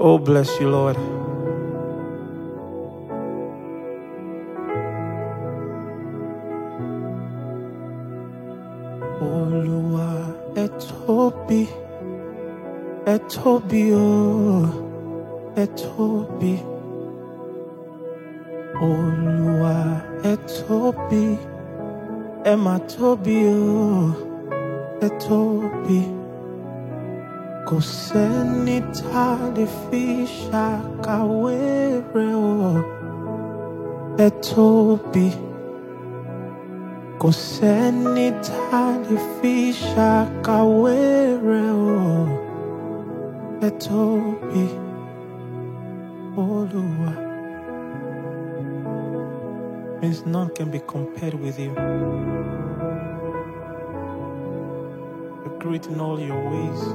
Oh, bless you, Lord. Olúwa ẹ tóbi, ẹ tóbi o, ẹ tóbi. Olúwa ẹ tóbi, ẹ mà tóbi ẹ tóbi kusenithalifisha kawereo etobi kusenithalifisha kawereo etobi olúwa means none can be compared with you. You're great in all your ways.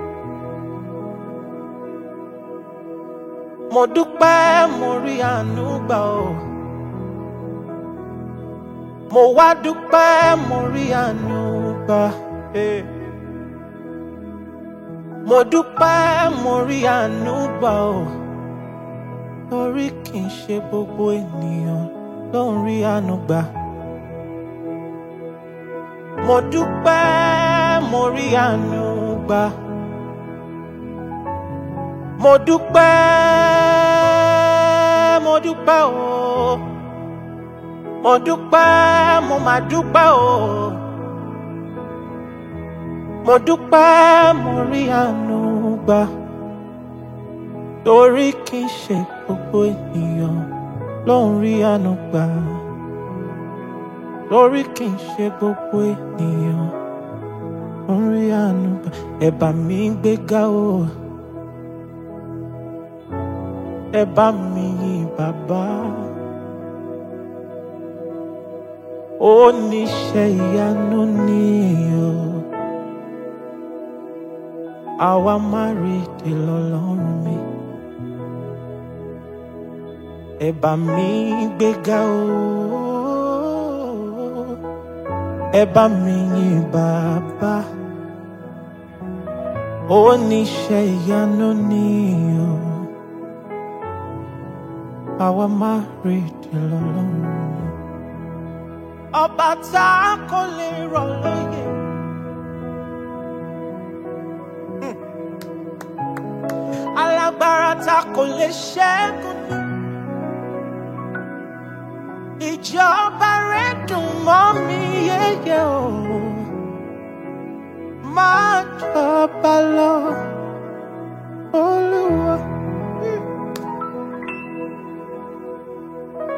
mo dúpẹ́ mo rí àánú gbà o. mo wá dúpẹ́ mo rí àánú gbà. mo dúpẹ́ mo rí àánú gbà o. torí kì í ṣe gbogbo ènìyàn ló ń rí àánú gbà. mo dúpẹ́ mo rí àánú gbà. mo dúpẹ́ mo dúpẹ́ o mo dúpẹ́ mo mà dúpẹ́ o mo dúpẹ́ mo rí àánú gbà torí kì í ṣe gbogbo ènìyàn ló ń rí àánú gbà torí kì í ṣe gbogbo ènìyàn ló ń rí àánú gbà ẹ̀bà mi ń gbéga o ẹ̀bà mi. Baba. oníṣẹ́ ìyanu nìyàn àwa má rí ìdè lọ́lọ́run mi ẹ bá mi gbéga o ẹ bá mi yìn bàbá oníṣẹ́ ìyanu nìyàn. How am I ọba alone? a kò lè rọ̀ lóyè. Hmm. alágbára tá a kò lè ṣẹ́gun ní. ìjọba rẹ̀ dùn mọ́ mi yéye o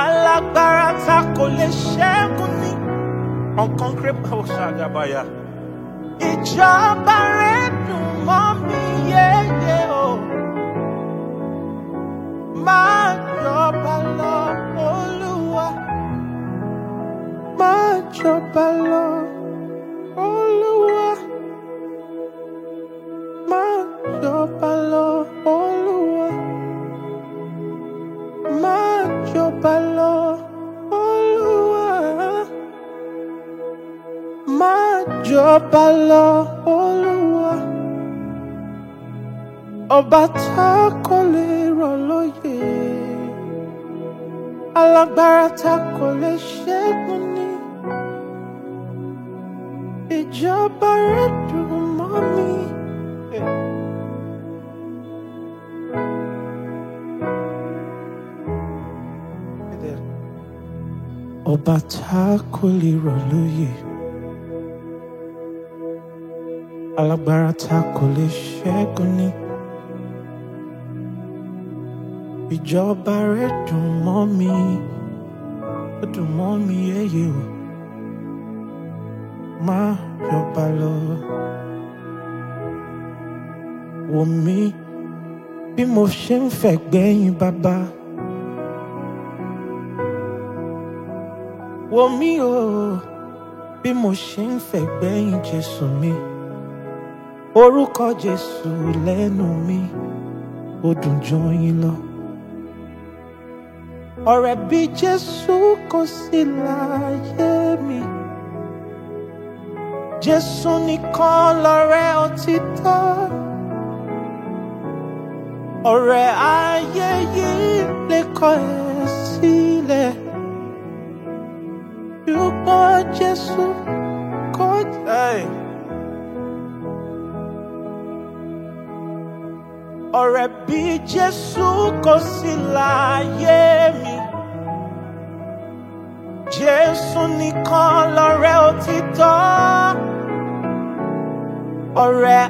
alágbára ta kò lè ṣẹ́gun ní. uncomparable ṣàgàbàyà ìjọba ọba lọ olúwa ọba tá kò lè rọ̀ lóyè alágbára tá kò lè ṣẹ́gun ní ìjọba rẹ̀ dùn mọ́ mi. ọba tá kò lè rọ̀ lóyè alágbára ta kò lè ṣẹ́gun ni. ìjọba rẹ̀ dùn mọ́ mi ó dùn mọ́ mi yẹ́yẹ́ o má yọba lọ. wò mí bí mo ṣe ń fẹ̀gbẹ́yìn bàbá. wò mí o bí mo ṣe ń fẹ̀gbẹ́yìn Jésù mi. Oh, orúkọ jésù lẹ́nu mi ó jọ yín lọ. ọ̀rẹ́ bí jésù kò sí láyé mi jésù nìkan lọ̀rẹ́ òtítọ́ ọ̀rẹ́ ayé yìí lè kọ̀ ẹ́ sílẹ̀ ṣùgbọ́n jésù kò tẹ̀. ọ̀rẹ́ bí jésù kò sí láyé mi jésù nìkan lọ̀rẹ́ òtítọ́ ọ̀rẹ́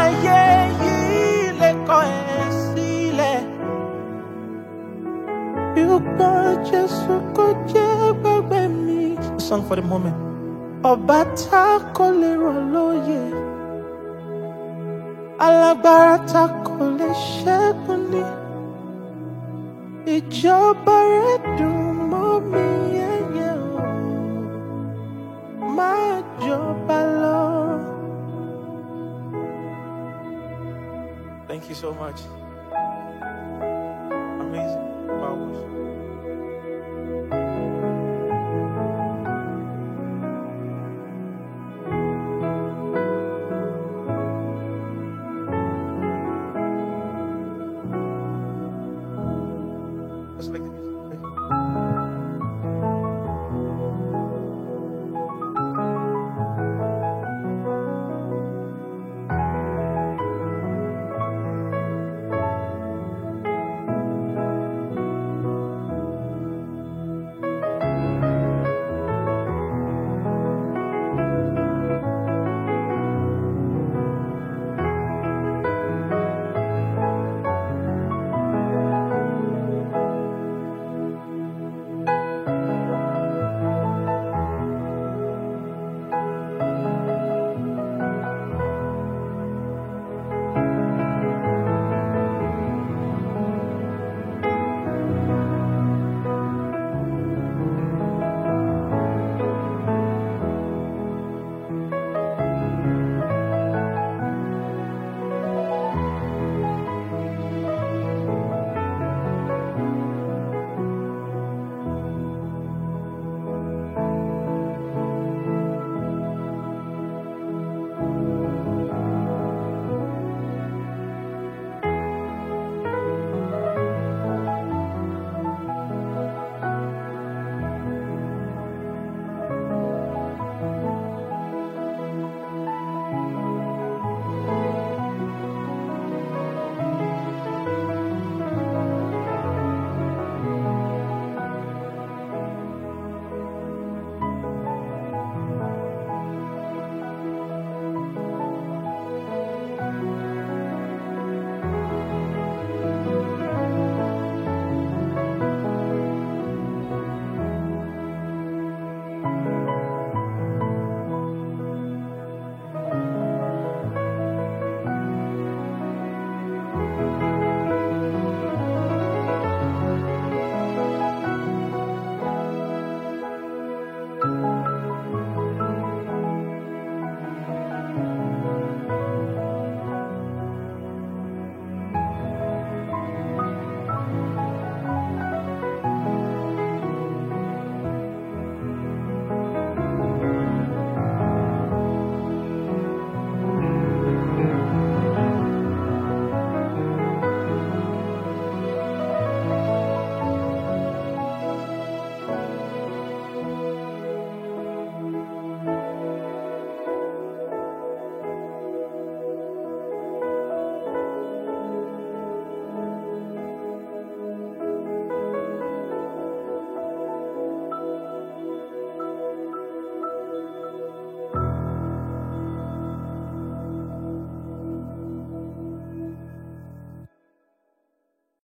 ayé yìí lè kọ̀ ẹ́ sílẹ̀ bí jésù kò jẹ́ gbàgbé mi. song for the moment. ọba tá kò lè rọ̀ lóye alágbára ta kò lè ṣẹ́gun ni ìjọba rẹ̀ dùn mọ́ mi yẹ́yẹ́ o jọba lọ. Thank you so much.